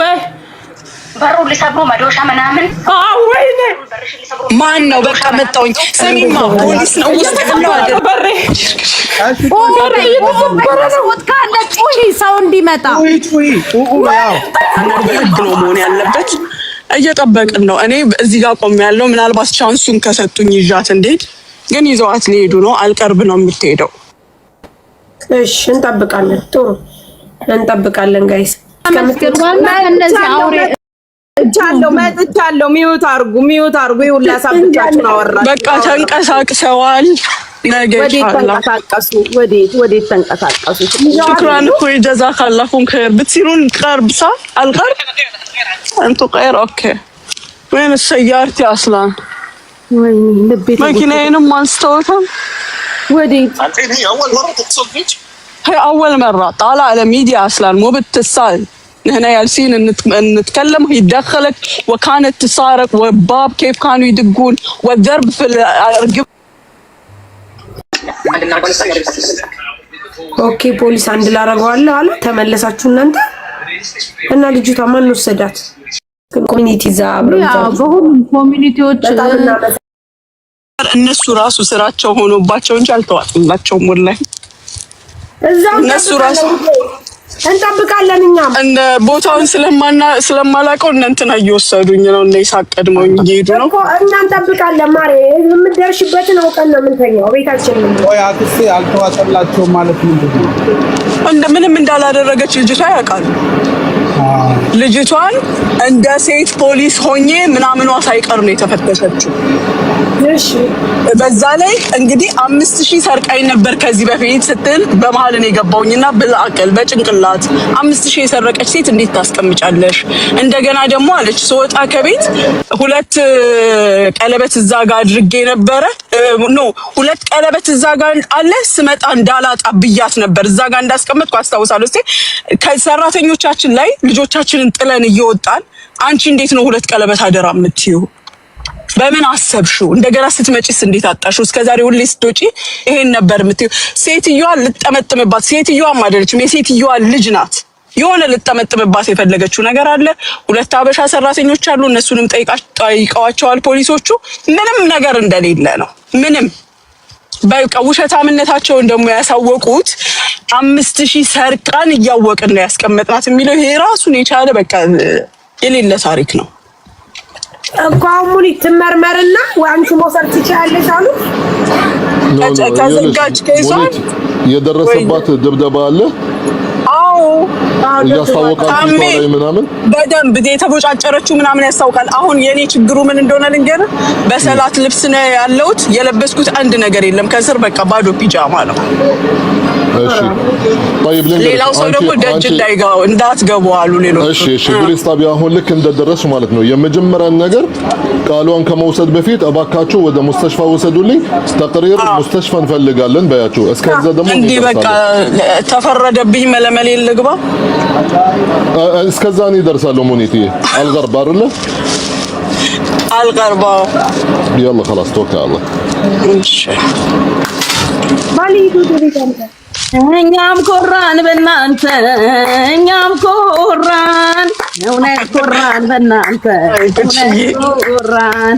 ወይ በሩ ሊሰብሩ መዶሻ ምናምን ማን ነው? በቃ መጣውኝ። ፖሊስ ነው ውስጥ ከባድ በሬ ነው። ሰው እንዲመጣ መሆን ያለበት። እየጠበቅን ነው። እኔ እዚህ ጋር ያለው ምናልባት ቻንሱን ከሰጡኝ ይዣት እንዴት ግን ይዘዋት ሊሄዱ ነው። አልቀርብ ነው የምትሄደው እሺ እንጠብቃለን። ጥሩ እንጠብቃለን። ጋይስ እቻለሁ መጥቻለሁ። ሚዩት አርጉ፣ ሚዩት አርጉ። ይሁላ ሳብቻችሁን አወራችሁ። በቃ ተንቀሳቅሰዋል። ወዴት ተንቀሳቀሱ? ሽክራን እኮ የጀዛ ካላኩም ብትሲሉን ቀርብሳ አልቀርብ አንቱ ቀር ኦኬ ወይም ሰያርቴ አስላን መኪናዬንም አንስተውታል። وديت الحين هي اول مره تتصل فيك؟ هي اول مره طالعه ميديا اصلا مو باتصال نحن جالسين نتكلم هي تدخلت وكانت تصارخ والباب كيف كانوا يدقون والضرب في الرقبه ኦኬ ፖሊስ አንድ ላረገዋለሁ አለ። ተመለሳችሁ እናንተ እና ልጅቷ ማን ወሰዳት? ኮሚኒቲ ዛ ብሎ በሁሉም ኮሚኒቲዎች እነሱ ራሱ ስራቸው ሆኖባቸው እንጂ አልተዋጥላቸውም። ወላሂ እነሱ ራሱ እንጠብቃለን። እኛም እንደ ቦታውን ስለማና ስለማላውቀው እነ እንትና እየወሰዱኝ ነው እነ ይሳቅ ቀድመውኝ እየሄዱ ነው እና እንጠብቃለን። ማሬ የምትደርሽበትን አውቀን ነው የምንተኛው ቤታችን። ወይ አክስቴ አልተዋጠላቸውም ማለት ምንድን ነው? እንደ ምንም እንዳላደረገች ልጅቷ ያውቃሉ። ልጅቷን እንደ ሴት ፖሊስ ሆኜ ምናምኗ ሳይቀር ነው የተፈተሸችው። በዛ ላይ እንግዲህ አምስት ሺህ ሰርቃኝ ነበር ከዚህ በፊት ስትል በመሀል ነው የገባውኝና በአቅል በጭንቅላት አምስት ሺህ የሰረቀች ሴት እንዴት ታስቀምጫለሽ? እንደገና ደግሞ አለች ስወጣ ከቤት ሁለት ቀለበት እዛ ጋር አድርጌ ነበረ። ኖ ሁለት ቀለበት እዛ ጋር አለ ስመጣ እንዳላጣ ብያት ነበር እዛ ጋር እንዳስቀመጥኩ አስታውሳለሁ። ከሰራተኞቻችን ላይ ልጆቻችንን ጥለን እየወጣን አንቺ እንዴት ነው ሁለት ቀለበት አደራ የምትይው? በምን አሰብሽው? እንደገና ስትመጪስ እንዴት አጣሽው? እስከዛሬ ሁሌ ስትወጪ ይሄን ነበር የምትይው። ሴትዮዋ ልጠመጥምባት፣ ሴትዮዋም አይደለችም የሴትዮዋ ልጅ ናት። የሆነ ልጠመጥምባት የፈለገችው ነገር አለ። ሁለት አበሻ ሰራተኞች አሉ። እነሱንም ጠይቀዋቸዋል ፖሊሶቹ። ምንም ነገር እንደሌለ ነው። ምንም በቃ ውሸታምነታቸውን ደግሞ ያሳወቁት አምስት ሺህ ሰርቃን እያወቅን ነው ያስቀመጥናት የሚለው ይሄ ራሱን የቻለ በቃ የሌለ ታሪክ ነው። እኮ አሁን ትመርመርና አንቺ መውሰድ ትችያለሽ አሉ። ከዘጋች ከይዟል የደረሰባት ድብደባ አለ። አዎ እያስታወቃችሁ ምናምን በደንብ የተቦጫጨረችው ምናምን ያስታውቃል። አሁን የኔ ችግሩ ምን እንደሆነ ልንገርህ፣ በሰላት ልብስ ነው ያለሁት። የለበስኩት አንድ ነገር የለም ከስር በቃ ባዶ ፒጃማ ነው። ሌላው ሰው ደግሞ ደጅ እንዳይገባ እንዳትገቡ አሉ ሌሎች። ፖሊስ ጣቢያ አሁን ልክ እንደደረሱ ማለት ነው የመጀመሪያ ነገር ቃሏን ከመውሰድ በፊት እባካችሁ ወደ ሙስተሽፋ ወሰዱልኝ፣ ተቅሪር ሙስተሽፋ እንፈልጋለን በያቸው። እስከዛ ደግሞ እንዲህ በቃ ተፈረደብኝ መለመሌ ልግባ እስከዛ እኔ እደርሳለሁ። ሙኒት አልገርባ አይደለ? አልገርባ يلا خلاص توكل على እኛም ኮራን በእናንተ እኛም ኮራን እውነት ኮራን በእናንተ ኮራን።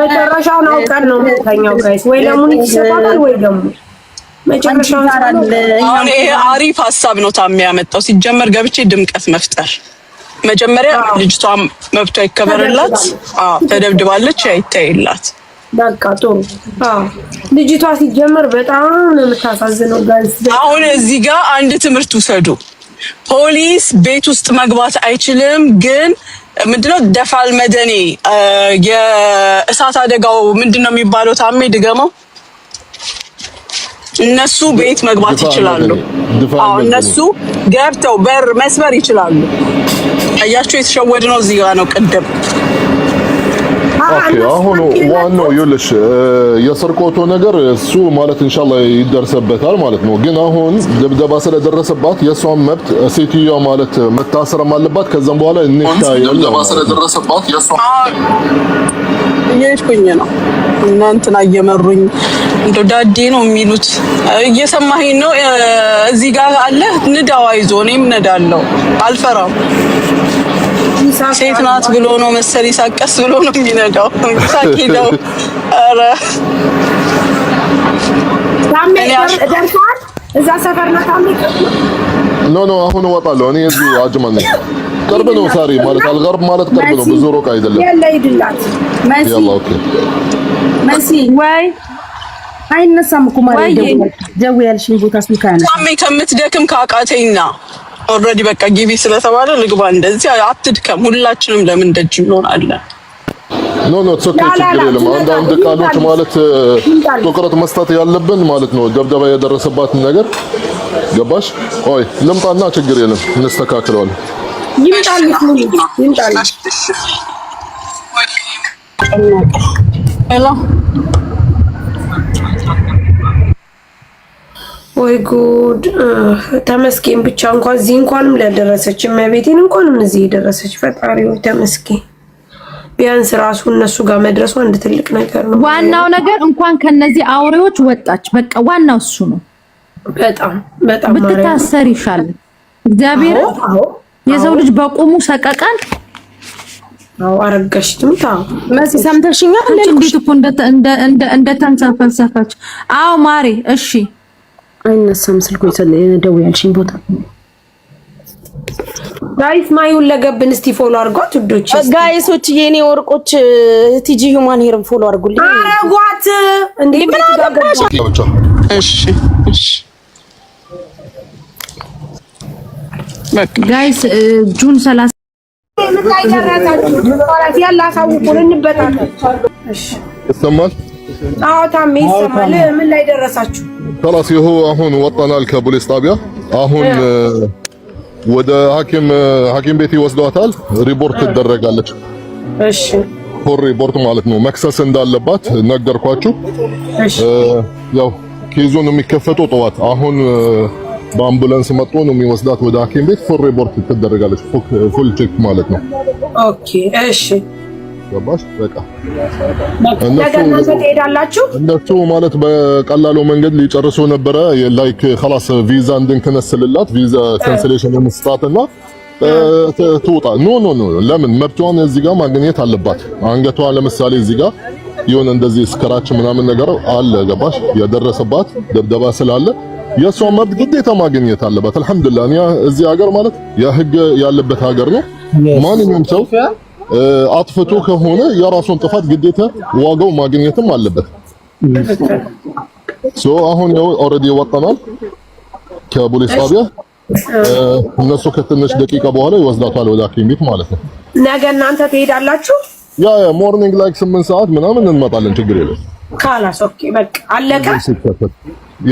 መጨረሻውን አውቀን ነው የምንተኛው ጋይስ። ወይ ለሙኒት ይሰጣታል ወይ ደግሞ አሪፍ ሀሳብ ነው ታሜ ያመጣው። ሲጀመር ገብቼ ድምቀት መፍጠር መጀመሪያ ልጅቷ መብቷ ይከበርላት። ተደብድባለች፣ አይታይላት። በቃ ጥሩ ልጅቷ ሲጀመር በጣም ነው የምታሳዝነው። አሁን እዚህ ጋር አንድ ትምህርት ውሰዱ። ፖሊስ ቤት ውስጥ መግባት አይችልም፣ ግን ምንድነው ደፋል መደኔ የእሳት አደጋው ምንድነው የሚባለው? ታሜ ድገመው እነሱ ቤት መግባት ይችላሉ። አዎ እነሱ ገብተው በር መስበር ይችላሉ። አያችሁ፣ የተሸወድ ነው። እዚህ ጋር ነው ቅድም አሁን ዋናው ይኸውልሽ የስርቆቱ ነገር እሱ ማለት ኢንሻአላህ ይደርሰበታል ማለት ነው። ግን አሁን ድብደባ ስለደረሰባት የሷን መብት ሴትዮዋ ማለት መታሰርም አለባት። ከዛም በኋላ እንሽታ ይላል ድብደባ ስለደረሰባት የሷን እነ እየመሩኝ እንደ ዳዴ ነው የሚሉት። እየሰማኸኝ ነው? እዚህ ጋር አለ ንዳዋ ይዞ እኔም ነዳለው፣ አልፈራም። ሴት ናት ብሎ ነው መሰል ይሳቀስ ብሎ ነው የሚነዳው። ሳቂ ነው። ኧረ እዛ ሰፈር ነው ኖ ኖ፣ አሁን እወጣለሁ እኔ እዚህ አጅማ ነኝ። ቅርብ ነው ሳሪ ማለት አልገርብ ማለት ቅርብ ነው፣ ብዙ ሩቅ አይደለም። ያለ ይድላት ያላ ኦኬ ወይ አይነሳም እኮ ማለት ያልሽኝ ቦታ ከምትደክም ኦልሬዲ በቃ ግቢ ስለተባለ ልግባ። እንደዚህ አትድከም። ሁላችንም ለምን ደጅ እንሆናለን? ኖ ኖ ኦኬ፣ ችግር የለም። አንዳንድ ቃሎች ማለት ትኩረት መስጠት ያለብን ማለት ነው። ደብደባ የደረሰባትን ነገር ገባሽ? ልምጣና፣ ችግር የለም እንስተካክለዋለን። ወይ ጉድ! ተመስገን ብቻ እንኳን እዚህ እንኳንም ለደረሰች እመቤቴን እንኳንም እዚህ የደረሰች ፈጣሪ ወይ ተመስገን። ቢያንስ ራሱ እነሱ ጋር መድረሱ አንድ ትልቅ ነገር ነው። ዋናው ነገር እንኳን ከነዚህ አውሬዎች ወጣች። በቃ ዋናው እሱ ነው። በጣም በጣም ብትታሰር ይሻላል። እግዚአብሔር የሰው ልጅ በቁሙ ሰቀቀን አዎ አረጋሽ ትምታ መሲ ሰምተሽኛል። እንዴት እኮ እንደ እንደ እንደ ተንሰፈሰፈች። አዎ ማሬ፣ እሺ አይነሳም ስልኩ ደውያልሽኝ ቦታ ጋይስ ማይሁን ለገብን እስቲ ፎሎ አድርጓት ውዶች፣ ጋይሶች የኔ ወርቆች ቲጂ ሁማን ሄርን ፎሎ አድርጉልኝ። አረጓት እንዴ ምን አደረጋሽ? እሺ እሺ ጋይስ ጁን 30 ምን ላይ ደረሳችሁ? አሁን ወጣናል ከፖሊስ ጣቢያ አሁን ወደ ሐኪም ሐኪም ቤት ይወስዷታል። ሪፖርት ትደረጋለች። እሺ ፎር ሪፖርት ማለት ነው። መክሰስ እንዳለባት ነገርኳችሁ። ያው ኬዙን የሚከፈተው ጠዋት አሁን በአምቡላንስ መጥቶ ነው የሚወስዳት ወደ ሐኪም ቤት። ፉል ሪፖርት ትደረጋለች፣ ፉል ቼክ ማለት ነው። ኦኬ እሺ፣ ገባሽ? በቃ እነሱ ትሄዳላችሁ። እነሱ ማለት በቀላሉ መንገድ ሊጨርሱ ነበረ። ላይክ خلاص ቪዛ እንድንከነስልላት ቪዛ ካንሰሌሽን እንስጣትና ትውጣ። ኖ ኖ ኖ፣ ለምን መብቷን እዚህ ጋር ማግኘት አለባት። አንገቷ ለምሳሌ እዚህ ጋር የሆነ እንደዚህ ስክራች ምናምን ነገር አለ ገባሽ? የደረሰባት ደብደባ ስላለ የእሷን መብት ግዴታ ማግኘት አለባት። አልሐምዱሊላህ እኛ እዚህ ሀገር ማለት ያ ህግ ያለበት ሀገር ነው። ማንኛውም ሰው አጥፍቶ ከሆነ የራሱን ጥፋት ግዴታ ዋጋው ማግኘትም አለበት። ሶ አሁን ያው ኦልሬዲ ወጣናል ከፖሊስ ጣቢያ እነሱ ከትንሽ ደቂቃ በኋላ ይወስዳታል ወደ ሐኪም ቤት ማለት ነው። ነገ እናንተ ትሄዳላችሁ? ያ ያ ሞርኒንግ ላይክ ስምንት ሰዓት ምናምን እንመጣለን። ችግር የለም። ካላስ ኦኬ፣ በቃ አለቀ።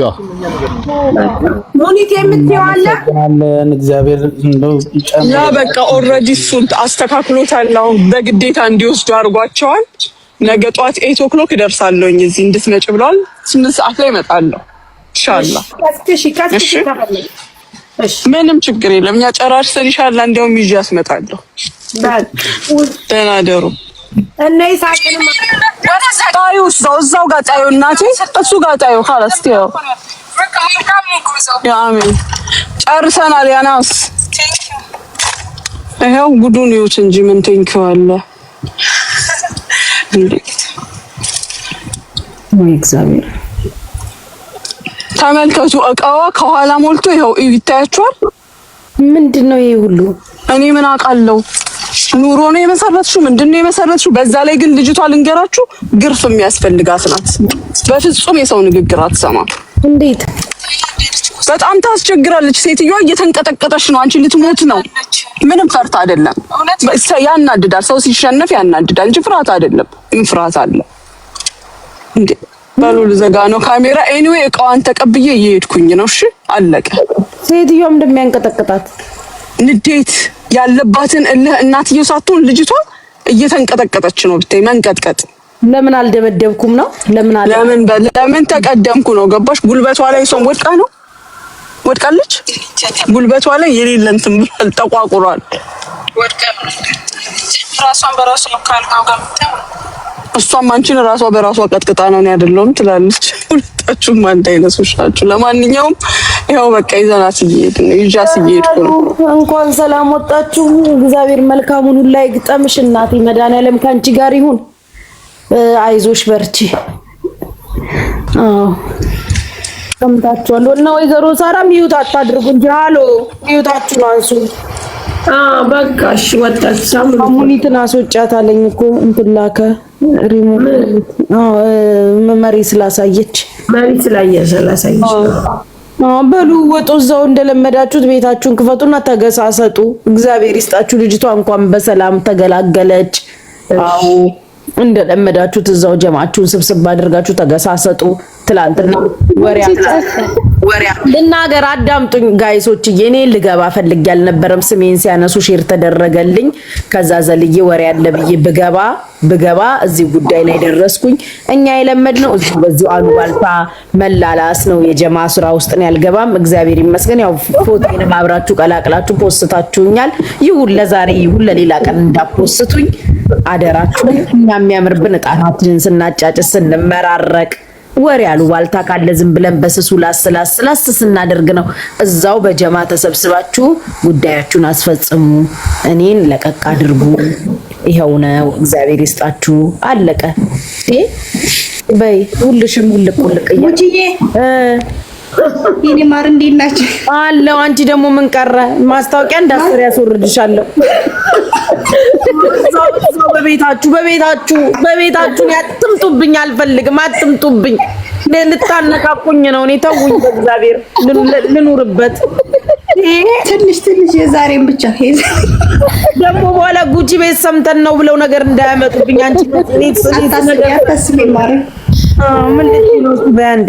ያ ሙኒት የምትዋለን እግዚአብሔር እንደው ያ በቃ ኦልሬዲ እሱን አስተካክሎታል። አሁን በግዴታ እንዲወስዱ አድርጓቸዋል። ነገ ጠዋት ኤይት ኦክሎክ እደርሳለሁኝ እዚህ እንድትመጭ ብለዋል። ስምንት ሰዓት ላይ እመጣለሁ ኢንሻላህ። ምንም ችግር የለም። እኛ ጨራርሰን ኢንሻላህ እንዲያውም ይዤ አስመጣለሁ። ደህና ደሩ እነ ይሳቅንም ጣዩ እዛው እዛው ጋር ጣዩ፣ እናቴ እሱ ጋር ጣዩ። ካላስ ቴው አሜን፣ ጨርሰናል። ያናስ ይኸው ጉዱን ይዩት እንጂ ምን ቴንኪው አለ ወይ እግዚአብሔር። ተመልከቱ፣ እቃዋ ከኋላ ሞልቶ ይኸው ይታያችኋል። ምንድን ነው ይሄ ሁሉ? እኔ ምን አውቃለሁ? ኑሮ ነው የመሰረትሽው? ምንድን ነው የመሰረትሽው? በዛ ላይ ግን ልጅቷ ልንገራችሁ ግርፍ የሚያስፈልጋት ናት። በፍጹም የሰው ንግግር አትሰማም። እንዴት በጣም ታስቸግራለች። ሴትዮዋ እየተንቀጠቀጠች ነው። አንቺ ልትሞት ነው። ምንም ፈርታ አይደለም። ያናድዳል። ሰው ሲሸነፍ ያናድዳል እንጂ ፍርሃት አይደለም። ግን ፍርሃት አለ። በሉ ልዘጋ ነው ካሜራ። ኤኒዌይ እቃዋን ተቀብዬ እየሄድኩኝ ነው። እሺ አለቀ። ሴትዮዋ እንደሚያንቀጠቅጣት ንዴት ያለባትን እልህ እናትየው ሳትሆን ልጅቷ እየተንቀጠቀጠች ነው። ብታይ መንቀጥቀጥ ለምን አልደመደብኩም ነው ለምን ለምን ለምን ተቀደምኩ ነው። ገባሽ? ጉልበቷ ላይ ሰው ወድቃ ነው ወድቃለች። ጉልበቷ ላይ የሌለ እንትን ብሏል፣ ተቋቁሯል። ራሷን በራሱ እሷም አንቺን ራሷ በራሷ ቀጥቅጣ ነው ያደለውም ትላለች። ሁለታችሁም አንድ አይነት ውሻችሁ። ለማንኛውም ያው በቃ ይዘናት እየሄድን ነው። ይዣት እየሄድኩ ነው። እንኳን ሰላም ወጣችሁ። እግዚአብሔር መልካሙን ሁላ ይግጠምሽ እናቴ። መድኃኒዓለም ከአንቺ ጋር ይሁን። አይዞሽ በርቺ። አዎ ሰምታችኋለሁ። እና ወይዘሮ ሳራ ሚዩት አታድርጉ እንጂ ሀሎ ሚዩታችሁን አንሱ። በቃ እሺ፣ ወጣች። ሳሙኒትን አስወጫት እኮ እንትን ላከ ሪሞት። መሪ ስላሳየች መሪ ስላሳየች በሉ ወጡ። እዛው እንደለመዳችሁት ቤታችሁን ክፈቱና ተገሳሰጡ። እግዚአብሔር ይስጣችሁ። ልጅቷ እንኳን በሰላም ተገላገለች። አዎ እንደለመዳችሁት እዛው ጀማችሁን ስብስብ አድርጋችሁ ተገሳሰጡ። ትላንትና ወሬ ልናገር አዳምጡኝ ጋይሶች እኔ ልገባ ፈልጌ አልነበረም። ስሜን ሲያነሱ ሼር ተደረገልኝ። ከዛ ዘልዬ ወሬ አለ ብዬ ብገባ ብገባ እዚህ ጉዳይ ላይ ደረስኩኝ። እኛ የለመድነው እዚሁ በዚሁ አሉባልታ መላላስ ነው፣ የጀማ ስራ ውስጥ ነው። ያልገባም እግዚአብሔር ይመስገን። ያው ፎቶዬንም አብራችሁ ቀላቅላችሁ ፖስታችሁኛል። ይሁን ለዛሬ ይሁን ለሌላ ቀን እንዳፖስቱኝ አደራችሁ። እኛ የሚያምርብን እጣታችንን ስናጫጭስ ስንመራረቅ ወር ያሉ ዋልታ ካለ ዝም ብለን በስሱ ላስ ላስ ላስ ስናደርግ ነው። እዛው በጀማ ተሰብስባችሁ ጉዳያችሁን አስፈጽሙ፣ እኔን ለቀቅ አድርጉ። ይኸው ነው። እግዚአብሔር ይስጣችሁ። አለቀ። በይ ሁልሽም ሁልቅ ሁልቅ እያ ይኔ ማር እንዴት ናቸው አለው። አንቺ ደግሞ ምን ቀረ? ማስታወቂያ እንዳስር ያስወርድሻለሁ። በቤታችሁ በቤታችሁ በቤታችሁ አትምጡብኝ፣ አልፈልግም፣ አትምጡብኝ። ልታነቃቁኝ ነው። እኔ ተውኝ፣ በእግዚአብሔር ልኑርበት። ትንሽ ትንሽ የዛሬን ብቻ ደግሞ በኋላ ጉቺ ቤት ሰምተን ነው ብለው ነገር እንዳያመጡብኝ። አንቺ ምንድን ነው በያንዴ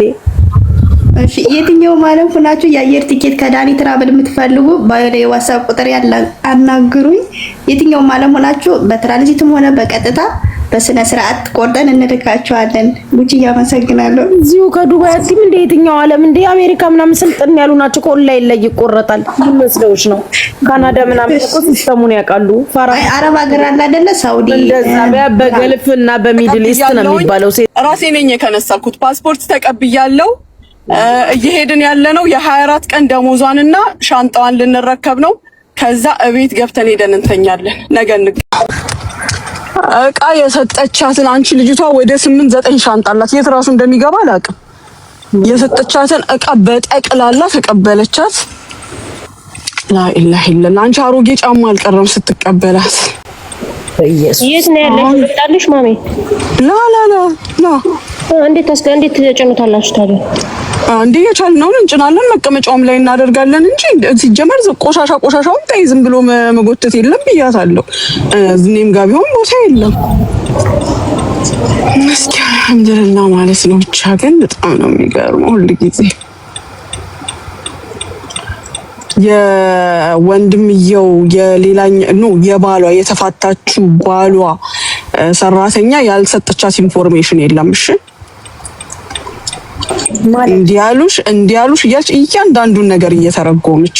እሺ የትኛው ማለት ሆናችሁ የአየር ቲኬት ከዳኒ ትራቭል የምትፈልጉ በዋትስአፕ ቁጥር ያለ አናግሩኝ። የትኛው ማለት ሆናችሁ በትራንዚትም ሆነ በቀጥታ በስነ ስርዓት ቆርጠን እንልካችኋለን። ጉቺ እያመሰግናለሁ። እዚሁ ከዱባይ አትይም እንደ የትኛው ዓለም እንደ አሜሪካ ምናምን ስልጥን ያሉ ናቸው። ከኦንላይን ላይ ይቆረጣል መስለዎች ነው። ካናዳ ምናምን እኮ ሲስተሙን ያውቃሉ። አረብ ሀገር አለ አይደለ? ሳውዲ በገልፍ እና በሚድል ኢስት ነው የሚባለው። ራሴ ነኝ የከነሳኩት ፓስፖርት ተቀብያለሁ። እየሄድን ያለ ነው። የሀያ አራት ቀን ደሞዟንና ሻንጣዋን ልንረከብ ነው። ከዛ እቤት ገብተን ሄደን እንተኛለን። ነገ እቃ የሰጠቻትን አንቺ ልጅቷ ወደ ስምንት ዘጠኝ ሻንጣ አላት። የት ራሱ እንደሚገባ አላውቅም። የሰጠቻትን እቃ በጠቅላላ ተቀበለቻት። ላኢላህ ኢለላ አንቺ አሮጌ ጫማ አልቀረም ስትቀበላት። የት ነው ያለሽ? መጣልሽ ማሜ ላ ላ ላ ላ እንዴት ታስጋ እንዴት ተጨኑታላችሁ ታዲያ? እንዴ የቻልነውን እንጭናለን፣ መቀመጫውም ላይ እናደርጋለን እንጂ ሲጀመር ቆሻሻ ቆሻሻውን ታይ ዝም ብሎ መጎተት የለም ብያታለሁ። እኔም ጋር ቢሆን ቦታ የለም። እስኪ አልሐምዱሊላህ ማለት ነው። ብቻ ግን በጣም ነው የሚገርመው ሁል ጊዜ የወንድምየው የሌላኛ ኖ የባሏ የተፋታችው ባሏ ሰራተኛ ያልሰጠቻት ኢንፎርሜሽን የለም። እሺ እንዲያሉሽ እንዲያሉሽ እያች እያንዳንዱን ነገር እየተረጎመች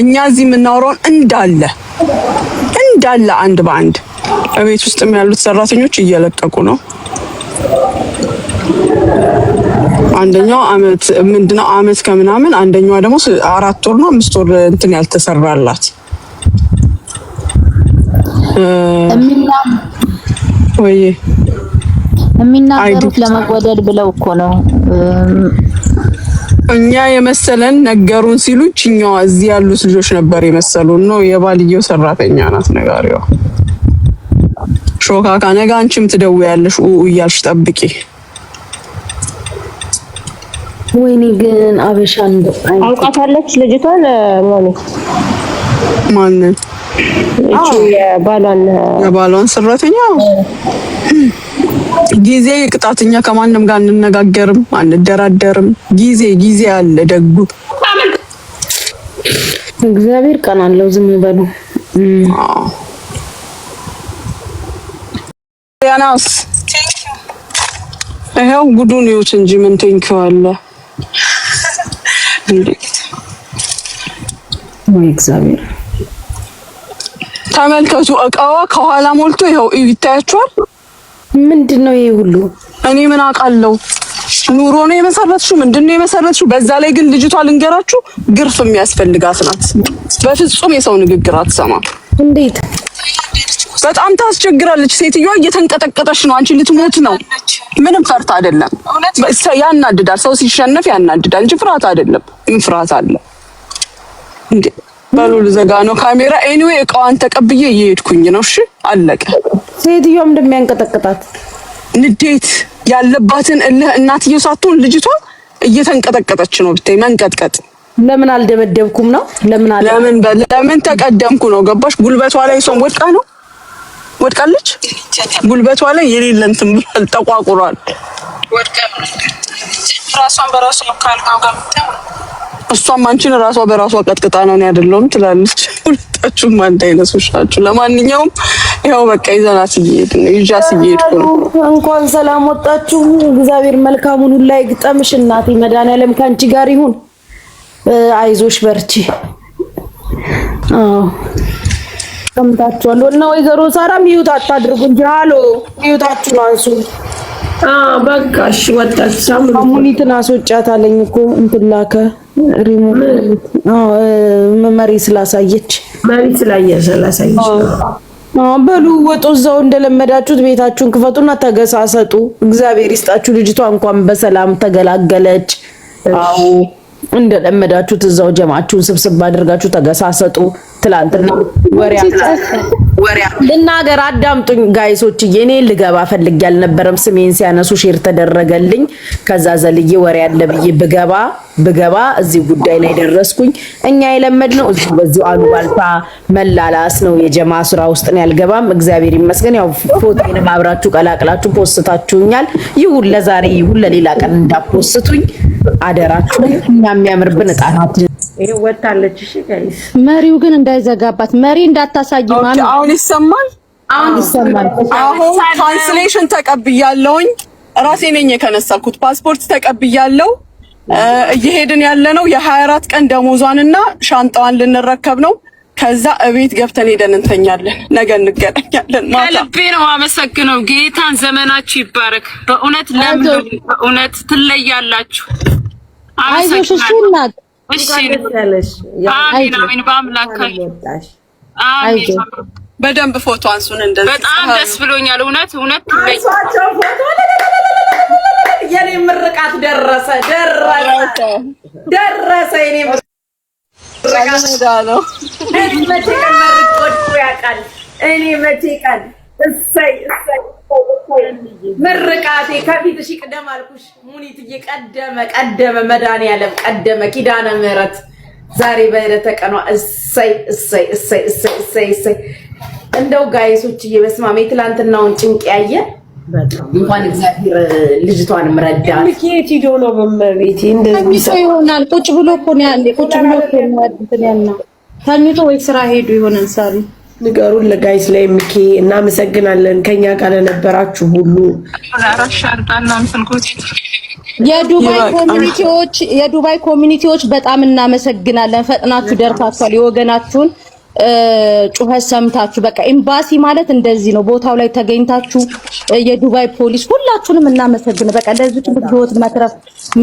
እኛ እዚህ የምናውረውን እንዳለ እንዳለ አንድ በአንድ እቤት ውስጥም ያሉት ሰራተኞች እየለቀቁ ነው። አንደኛው አመት ምንድነው አመት ከምናምን አንደኛዋ ደግሞ አራት ወር ነው አምስት ወር እንትን ያልተሰራላት ወይ የሚናገሩት ለመወደድ ብለው እኮ ነው። እኛ የመሰለን ነገሩን ሲሉ ችኛዋ እዚህ ያሉት ልጆች ነበር የመሰሉን ነው። የባልየው ሰራተኛ ናት ነጋሪዋ። ሾካካ ነገ አንቺም ትደውያለሽ እያልሽ ጠብቂ። ወይኔ ግን አበሻን አውቃታለች ልጅቷን። ማለት ማንን? የባሏን የባሏን ሰራተኛ ጊዜ ቅጣት። እኛ ከማንም ጋር አንነጋገርም፣ አንደራደርም። ጊዜ ጊዜ አለ። ደጉ እግዚአብሔር ቀን አለው። ዝም በሉ። ያናስ ይኸው ጉዱን ይዩት እንጂ ምን ቴንኪው አለ። ወይ እግዚአብሔር ተመልከቱ። እቃዋ ከኋላ ሞልቶ ይኸው ይታያችኋል። ምንድን ነው ይሄ ሁሉ? እኔ ምን አውቃለሁ? ኑሮ ነው የመሰረትሽው? ምንድን ነው የመሰረትሽው? በዛ ላይ ግን ልጅቷ ልንገራችሁ፣ ግርፍ የሚያስፈልጋት ናት። በፍጹም የሰው ንግግር አትሰማም። እንዴት በጣም ታስቸግራለች። ሴትዮዋ እየተንቀጠቀጠች ነው። አንቺ ልትሞት ነው። ምንም ፈርት አይደለም። ያናድዳል። ሰው ሲሸነፍ ያናድዳል እንጂ ፍርሃት አይደለም። ምን ፍርሃት አለ እንዴ? በሉ ልዘጋ ነው ካሜራ። ኤኒዌይ እቃዋን ተቀብዬ እየሄድኩኝ ነው። እሺ አለቀ። ሴትዮዋ እንደሚያንቀጠቅጣት ንዴት ያለባትን እልህ እናትየው ሳትሆን ልጅቷ እየተንቀጠቀጠች ነው። ብታይ መንቀጥቀጥ ለምን አልደበደብኩም ነው ለምን አለ ለምን ለምን ተቀደምኩ ነው። ገባሽ? ጉልበቷ ላይ ሰው ወድቃ ነው ወድቃለች። ጉልበቷ ላይ የሌለ እንትን ብሏል፣ ጠቋቁሯል። ወድቃ ራሷን በራሱ እሷም አንቺን ራሷ በራሷ ቀጥቅጣ ነው ያደለውም ትላለች። ሁለታችሁም አንድ አይነት ሶሻችሁ። ለማንኛውም ያው በቃ ይዘናት እየሄድን ነው፣ ይዣት እየሄድኩ ነው። እንኳን ሰላም ወጣችሁ። እግዚአብሔር መልካሙን ሁሉ ይግጠምሽ እናቴ። መድኃኒዓለም ከአንቺ ጋር ይሁን። አይዞሽ፣ በርቺ። አዎ እና ወይዘሮ ሳራ ሚዩት አታድርጉ እንጂ አሎ ይዩታችሁን አንሱ። በቃ እሺ፣ ወጣች። አሙኒትን አስወጫት አለኝ እኮ እንትን ላከ ሪሞት። መሪ ስላሳየች መሪ ስላሳየች በሉ ወጡ። እዛው እንደለመዳችሁት ቤታችሁን ክፈቱና ተገሳሰጡ። እግዚአብሔር ይስጣችሁ። ልጅቷ እንኳን በሰላም ተገላገለች። አዎ እንደለመዳችሁት እዛው ጀማችሁን ስብስብ አድርጋችሁ ተገሳሰጡ። ትላንትና ልናገር አዳምጡኝ ጋይሶች እኔ ልገባ ፈልጌ አልነበረም። ስሜን ሲያነሱ ሼር ተደረገልኝ። ከዛ ዘልዬ ወሬ አለ ብዬ ብገባ ብገባ እዚህ ጉዳይ ላይ ደረስኩኝ። እኛ የለመድነው እዚሁ በዚሁ አሉባልታ መላላስ ነው። የጀማ ስራ ውስጥ ነው ያልገባም። እግዚአብሔር ይመስገን። ያው ፎቶንም አብራችሁ ቀላቅላችሁ ፖስታችሁኛል። ይሁን ለዛሬ ይሁን ለሌላ ቀን እንዳፖስቱኝ አደራችሁ። እኛ የሚያምርብን እጣናችን ይሄ ወጣለች። እሺ ጋይስ መሪው ግን እንዳይዘጋባት መሪ እንዳታሳይ ማለት ነው። አሁን ይሰማል፣ አሁን ይሰማል። አሁን ትራንስሌሽን ተቀብያለሁኝ። ራሴ ነኝ የከነሳኩት። ፓስፖርት ተቀብያለሁ። እየሄድን ያለ ነው። የ24 ቀን ደሞዟንና ሻንጣዋን ልንረከብ ነው። ከዛ እቤት ገብተን ሄደን እንተኛለን። ነገ እንገናኛለን። ከልቤ ነው አመሰግነው። ጌታን ዘመናችሁ ይባረክ። በእውነት ለምን በእውነት ትለያላችሁ። አመሰግናለሁ። በደንብ ፎቶ አንሱን። እንደዚህ በጣም ደስ ብሎኛል። እውነት እውነት የኔ ምርቃት ደረሰ ደረሰ ደረሰ። የኔ ምርቃት ነው። እኔ መቼ ቀን እኔ መቼ ቀን እሰይ እሰይ ምርቃቴ ከፊትሽ ይቅደም አልኩሽ ሙኒትዬ። ቀደመ ቀደመ መድኃኒዓለም ቀደመ ኪዳነ ምሕረት ዛሬ በዕለተ ቀኗ እሰይ እሰይ እሰይ እሰይ እሰይ እሰይ። እንደው ጋይሶችዬ በስመ አብ የትላንትናውን ጭንቅ ያየ እንኳን እግዚአብሔር ልጅቷን ምረዳት። ልኬት ሂዶ ነው በመቤቴ እንደዚህ ሰው ይሆናል። ቁጭ ብሎ እኮ ነው ያለ ቁጭ ብሎ እኮ ነው ያለ ተኝቶ ወይ ስራ ሄዱ ይሆናል ሳሪ ንገሩን ለጋይስ ላይ ሚኪ እናመሰግናለን። ከኛ ጋር ነበራችሁ ሁሉ የዱባይ ኮሚኒቲዎች የዱባይ ኮሚኒቲዎች በጣም እናመሰግናለን። ፈጥናችሁ ደርሳችኋል። የወገናችሁን ጩኸት ሰምታችሁ በቃ ኤምባሲ ማለት እንደዚህ ነው። ቦታው ላይ ተገኝታችሁ የዱባይ ፖሊስ ሁላችሁንም እናመሰግን። በቃ ለዚህ ትልቅ ህይወት መትረፍ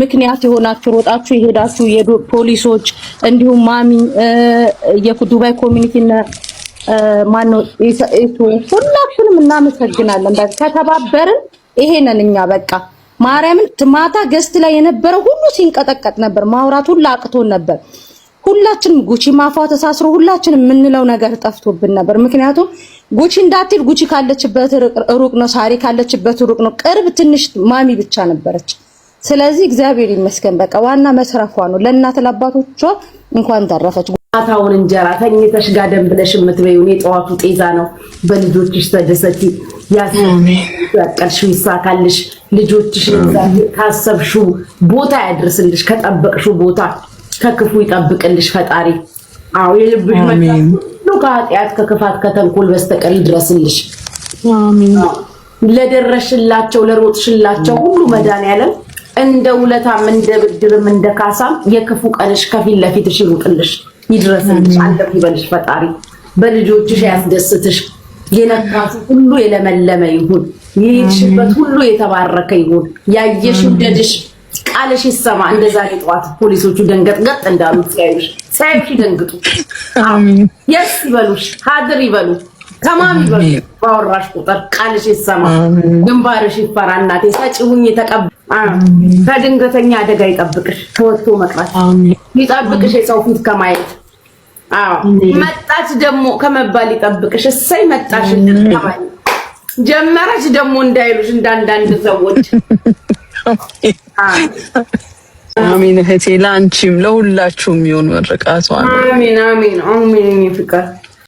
ምክንያት የሆናችሁ ሮጣችሁ የሄዳችሁ ፖሊሶች፣ እንዲሁም ማሚ የዱባይ ኮሚኒቲ ማነው እናመሰግናለን። በቃ ከተባበርን ይሄንን እኛ በቃ ማርያምን ማታ ገስት ላይ የነበረው ሁሉ ሲንቀጠቀጥ ነበር። ማውራት ሁሉ አቅቶን ነበር። ሁላችንም ጉቺ ማፏ ተሳስሮ ሁላችንም የምንለው ነገር ጠፍቶብን ነበር። ምክንያቱም ጉቺ እንዳትል ጉቺ ካለችበት ሩቅ ነው፣ ሳሪ ካለችበት ሩቅ ነው። ቅርብ ትንሽ ማሚ ብቻ ነበረች። ስለዚህ እግዚአብሔር ይመስገን በቃ ዋና መስረፏ ነው። ለእናት ለአባቶቿ እንኳን ተረፈች። ማታውን እንጀራ ተኝተሽ ጋደም ብለሽ የምትበይውን የጠዋቱ ጤዛ ነው። በልጆችሽ ተደሰቲ። ያቀልሽው ይሳካልሽ። ልጆችሽ ካሰብሽው ቦታ ያድርስልሽ። ከጠበቅሽው ቦታ ከክፉ ይጠብቅልሽ ፈጣሪ። አዎ የልብሽ ሁሉ ከኃጢአት ከክፋት ከተንኮል በስተቀር ይድረስልሽ። ለደረሽላቸው ለሮጥሽላቸው ሁሉ መድኃኒዓለም እንደ ውለታም እንደ ብድርም እንደ ካሳም የክፉ ቀንሽ ከፊት ለፊትሽ ይሩጥልሽ። ይድረስልሽ፣ አለ ይበልሽ ፈጣሪ፣ በልጆችሽ ያስደስትሽ፣ የነካሹ ሁሉ የለመለመ ይሁን፣ የሄድሽበት ሁሉ የተባረከ ይሁን፣ ያየሽ ውደድሽ፣ ቃልሽ ይሰማ። እንደዛ ጠዋት ፖሊሶቹ ደንገጥገጥ እንዳሉ ሲያዩሽ ሲያዩሽ ይደንግጡ፣ የስ ይበሉሽ፣ ሀድር ይበሉ፣ ተማም ይበሉ። ባወራሽ ቁጥር ቃልሽ ይሰማ፣ ግንባርሽ ይፈራ። እናቴ ሰጪ ሁኝ ከድንገተኛ አደጋ ይጠብቅሽ፣ ከወጥቶ መቅረት ይጠብቅሽ፣ የሰው ፊት ከማየት መጣች ደግሞ ከመባል ይጠብቅሽ። እሰይ መጣሽ ጀመረች ደግሞ እንዳይሉሽ እንዳንዳንድ ሰዎች። አሚን እህቴ፣ ለአንቺም ለሁላችሁም የሚሆን ምርቃቷ። አሚን አሚን አሚን ፍቅር